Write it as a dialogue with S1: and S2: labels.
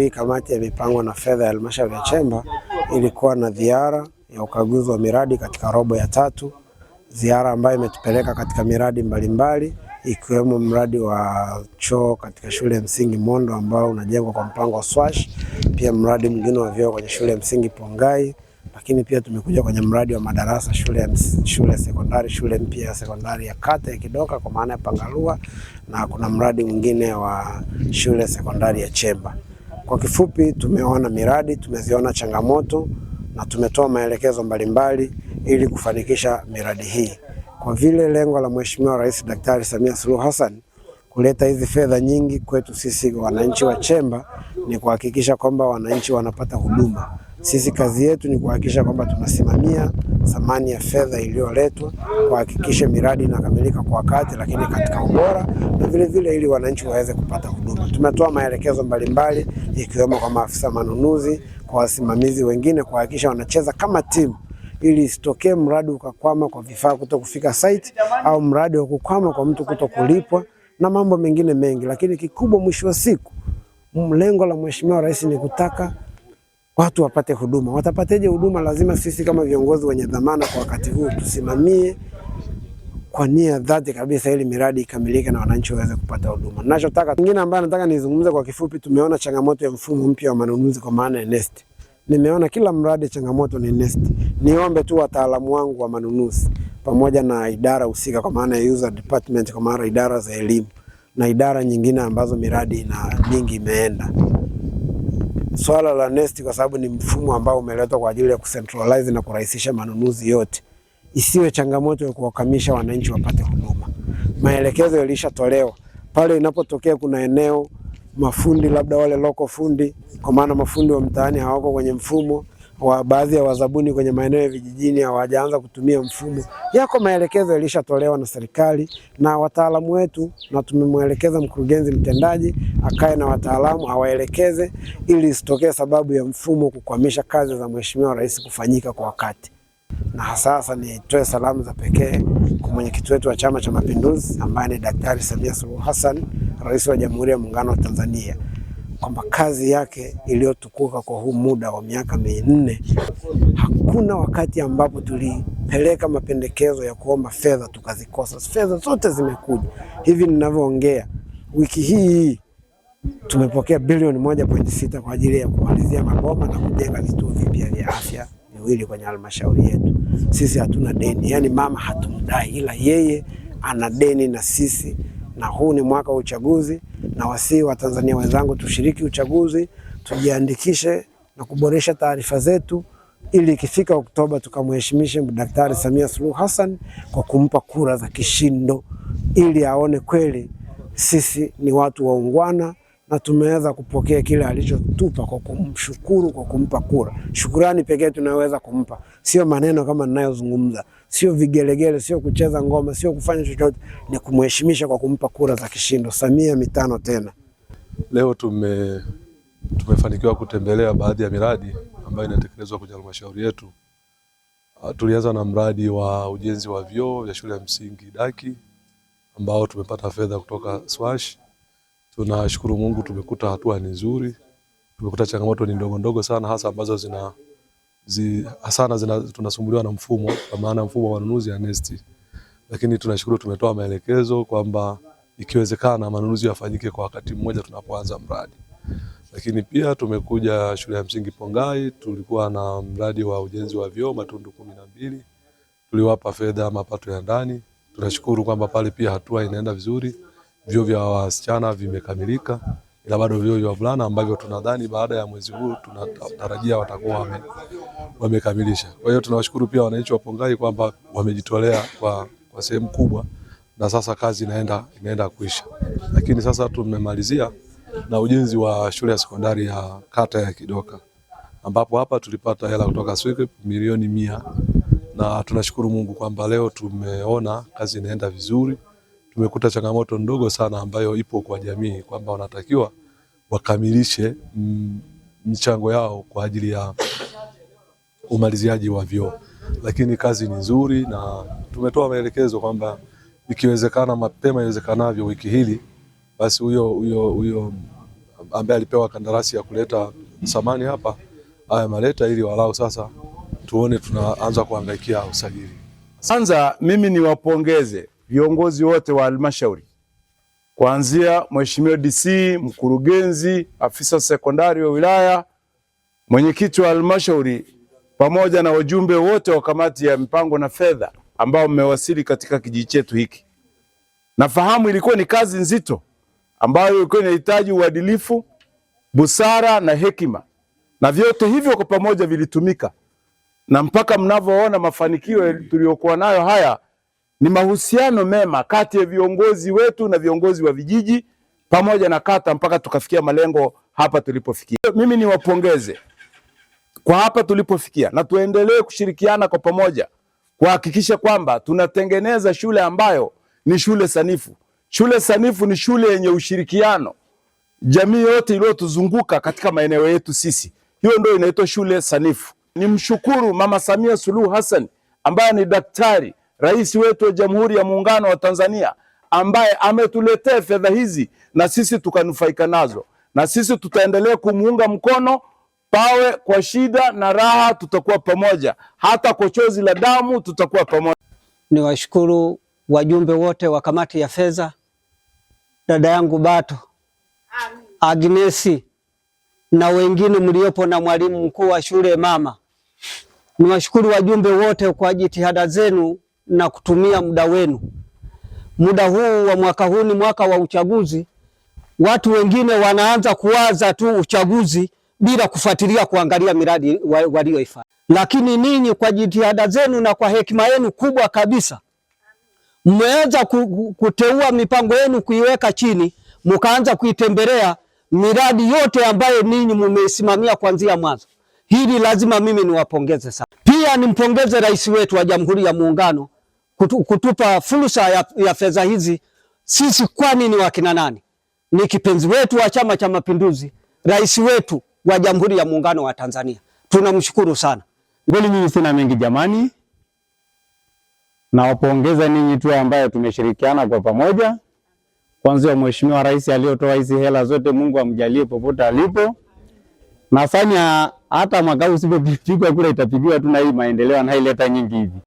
S1: Hii kamati ya mipango na fedha ya halmashauri ya Chemba ilikuwa na ziara ya ukaguzi wa miradi katika robo ya tatu, ziara ambayo imetupeleka katika miradi mbalimbali ikiwemo mradi wa choo katika shule ya msingi Mondo ambao unajengwa kwa mpango wa Swash, pia mradi mwingine wa vyoo kwenye shule ya msingi Pongai, lakini pia tumekuja kwenye mradi wa madarasa shule ya shule sekondari shule mpya ya sekondari ya kata ya Kidoka kwa maana ya Pangalua, na kuna mradi mwingine wa shule sekondari ya Chemba. Kwa kifupi, tumeona miradi, tumeziona changamoto na tumetoa maelekezo mbalimbali ili kufanikisha miradi hii. Kwa vile lengo la Mheshimiwa Rais Daktari Samia Suluhu Hassan kuleta hizi fedha nyingi kwetu sisi wananchi wa Chemba ni kuhakikisha kwamba wananchi wanapata huduma. Sisi kazi yetu ni kuhakikisha kwamba tunasimamia thamani ya fedha iliyoletwa, kuhakikisha miradi inakamilika kwa wakati, lakini katika ubora na vile vile, ili wananchi waweze kupata huduma. Tumetoa maelekezo mbalimbali, ikiwemo kwa maafisa manunuzi, kwa wasimamizi wengine, kuhakikisha wanacheza kama timu ili isitokee mradi ukakwama kwa vifaa kuto kufika site au mradi wa kukwama kwa mtu kuto kulipwa na mambo mengine mengi, lakini kikubwa, mwisho wa siku, lengo la Mheshimiwa Rais ni kutaka watu wapate huduma. Watapateje huduma? Lazima sisi kama viongozi wenye dhamana kwa wakati huu tusimamie kwa nia dhati kabisa ili miradi ikamilike na wananchi waweze kupata huduma. Ninachotaka kingine ambayo nataka nizungumze kwa kifupi, tumeona changamoto ya mfumo mpya wa manunuzi kwa maana ya NeST. Nimeona kila mradi changamoto ni NeST. Niombe tu wataalamu wangu wa manunuzi pamoja na idara husika kwa maana ya user department, kwa maana idara za elimu na idara nyingine ambazo miradi na mingi imeenda swala la NeST kwa sababu ni mfumo ambao umeletwa kwa ajili ya kucentralize na kurahisisha manunuzi yote, isiwe changamoto ya kuwakamisha wananchi wapate huduma. Maelekezo yalishatolewa pale, inapotokea kuna eneo mafundi labda wale loko fundi, kwa maana mafundi wa mtaani hawako kwenye mfumo, wa baadhi ya wazabuni kwenye maeneo ya vijijini hawajaanza kutumia mfumo. Yako maelekezo yalishatolewa na serikali na wataalamu wetu, na tumemwelekeza mkurugenzi mtendaji akae na wataalamu awaelekeze, ili isitokee sababu ya mfumo kukwamisha kazi za Mheshimiwa Rais kufanyika kwa wakati. Na sasa nitoe salamu za pekee kwa mwenyekiti wetu wa Chama cha Mapinduzi ambaye ni Daktari Samia Suluhu Hassan, Rais wa Jamhuri ya Muungano wa Tanzania kwamba kazi yake iliyotukuka kwa huu muda wa miaka minne, hakuna wakati ambapo tulipeleka mapendekezo ya kuomba fedha tukazikosa. Fedha zote zimekuja. Hivi ninavyoongea, wiki hii tumepokea bilioni moja pointi sita kwa ajili ya kumalizia maboma na kujenga vituo vipya vya afya viwili kwenye halmashauri yetu. Sisi hatuna deni, yaani mama hatumdai, ila yeye ana deni na sisi, na huu ni mwaka wa uchaguzi na wasii wa Tanzania wenzangu, tushiriki uchaguzi, tujiandikishe na kuboresha taarifa zetu ili ikifika Oktoba tukamheshimishe Daktari Samia Suluhu Hassan kwa kumpa kura za kishindo, ili aone kweli sisi ni watu waungwana na tumeweza kupokea kile alichotupa kwa kumshukuru, kwa kumpa kura. Shukurani pekee tunaweza kumpa, sio maneno kama ninayozungumza, sio vigelegele, sio kucheza ngoma, sio kufanya chochote, ni kumheshimisha kwa kumpa kura za kishindo. Samia mitano tena.
S2: Leo tume tumefanikiwa kutembelea baadhi ya miradi ambayo inatekelezwa kwenye halmashauri yetu. Ah, tulianza na mradi wa ujenzi wa vyoo vya shule ya msingi Daki ambao tumepata fedha kutoka Swash Tunashukuru Mungu, tumekuta hatua ni nzuri, tumekuta changamoto ni ndogo ndogo sana, hasa ambazo zina zi, sana zina, tunasumbuliwa na mfumo kwa maana mfumo wa manunuzi ya NeST, lakini tunashukuru tumetoa maelekezo kwamba ikiwezekana manunuzi yafanyike kwa wakati mmoja tunapoanza mradi. Lakini pia tumekuja shule ya msingi Pongai, tulikuwa na mradi wa ujenzi wa vyoo matundu kumi na mbili, tuliwapa fedha mapato ya ndani. Tunashukuru kwamba pale pia hatua inaenda vizuri vyuo vya wasichana vimekamilika, ila bado vyuo vya wavulana ambavyo tunadhani baada ya mwezi huu tunatarajia watakuwa wame, wamekamilisha. Kwa hiyo tunawashukuru pia wananchi wa Pongai kwamba wamejitolea kwa, kwa sehemu kubwa na sasa kazi inaenda, inaenda kuisha, lakini sasa tumemalizia na ujenzi wa shule ya sekondari ya kata ya Kidoka ambapo hapa tulipata hela kutoka SWIP milioni mia na tunashukuru Mungu kwamba leo tumeona kazi inaenda vizuri tumekuta changamoto ndogo sana ambayo ipo kwa jamii kwamba wanatakiwa wakamilishe mm, michango yao kwa ajili ya umaliziaji wa vyoo, lakini kazi ni nzuri na tumetoa maelekezo kwamba ikiwezekana mapema iwezekanavyo wiki hili basi huyo huyo huyo ambaye alipewa kandarasi ya kuleta samani hapa haya maleta, ili walau sasa tuone tunaanza kuangaikia usajili.
S1: Kwanza mimi niwapongeze viongozi wote wa halmashauri kuanzia mheshimiwa DC, mkurugenzi, afisa sekondari wa wilaya, mwenyekiti wa halmashauri pamoja na wajumbe wote wa kamati ya mipango na fedha ambao mmewasili katika kijiji chetu hiki. Nafahamu ilikuwa ni kazi nzito ambayo ilikuwa inahitaji uadilifu, busara na hekima, na vyote hivyo kwa pamoja vilitumika, na mpaka mnavyoona mafanikio tuliyokuwa nayo haya ni mahusiano mema kati ya viongozi wetu na viongozi wa vijiji pamoja na kata mpaka tukafikia malengo hapa tulipofikia. Mimi niwapongeze kwa hapa tulipofikia, na tuendelee kushirikiana kwa pamoja kuhakikisha kwamba tunatengeneza shule ambayo ni shule sanifu. Shule sanifu ni shule yenye ushirikiano, jamii yote iliyotuzunguka katika maeneo yetu sisi, hiyo ndio inaitwa shule sanifu. Nimshukuru Mama Samia Suluhu Hassan ambaye ni daktari rais wetu wa Jamhuri ya Muungano wa Tanzania ambaye ametuletea fedha hizi na sisi tukanufaika nazo, na sisi tutaendelea kumuunga mkono pawe kwa shida na raha, tutakuwa pamoja, hata kwa chozi la damu tutakuwa pamoja.
S3: Ni washukuru wajumbe wote wa kamati ya fedha, dada yangu Bato Agnesi na wengine mliopo na mwalimu mkuu wa shule mama. Niwashukuru wajumbe wote kwa jitihada zenu na kutumia muda wenu. Muda huu wa mwaka huu ni mwaka wa uchaguzi. Watu wengine wanaanza kuwaza tu uchaguzi bila kufuatilia kuangalia miradi walioifanya, lakini ninyi kwa jitihada zenu na kwa hekima yenu kubwa kabisa mmeweza kuteua mipango yenu kuiweka chini, mkaanza kuitembelea miradi yote ambayo ninyi mmeisimamia kuanzia mwanzo. Hili lazima mimi niwapongeze sana. Pia nimpongeze rais wetu wa Jamhuri ya Muungano kutu, kutupa fursa ya, ya fedha hizi. Sisi kwani ni wakina nani? Ni kipenzi wetu wa Chama cha Mapinduzi, rais wetu wa Jamhuri ya Muungano wa Tanzania. Tunamshukuru sana
S1: kweli. Mimi sina mengi jamani, nawapongeza ninyi tu ambayo tumeshirikiana kwa pamoja, kwanza mheshimiwa rais aliyotoa hizi hela zote, Mungu amjalie popote alipo. Nafanya hata mwaka huu usipopigwa kura itapigiwa tu, na hii maendeleo anaileta nyingi hivi.